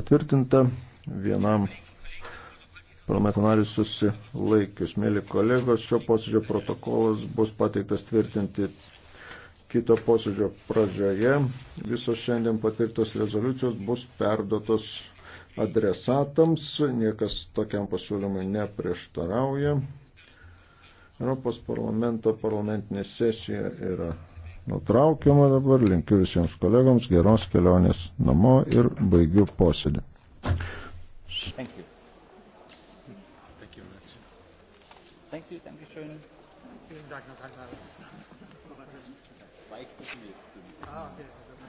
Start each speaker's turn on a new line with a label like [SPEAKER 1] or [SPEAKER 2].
[SPEAKER 1] patvirtinta, vienam parlamento nariui susilaikius. Mėly kolegos, šio posėdžio protokolas bus pateiktas tvirtinti kito posėdžio pradžioje. Visos šiandien patvirtos rezoliucijos bus perdotos adresatams, niekas tokiam pasiūlymui neprieštarauja. Europos parlamento parlamentinė sesija yra nutraukiama dabar, linkiu visiems kolegoms geros kelionės namo ir baigiu posėdį. Thank you. Thank you.
[SPEAKER 2] Thank you. Danke schön. Vielen Dank noch einmal. Zwei Kunden jetzt. Ah, okay.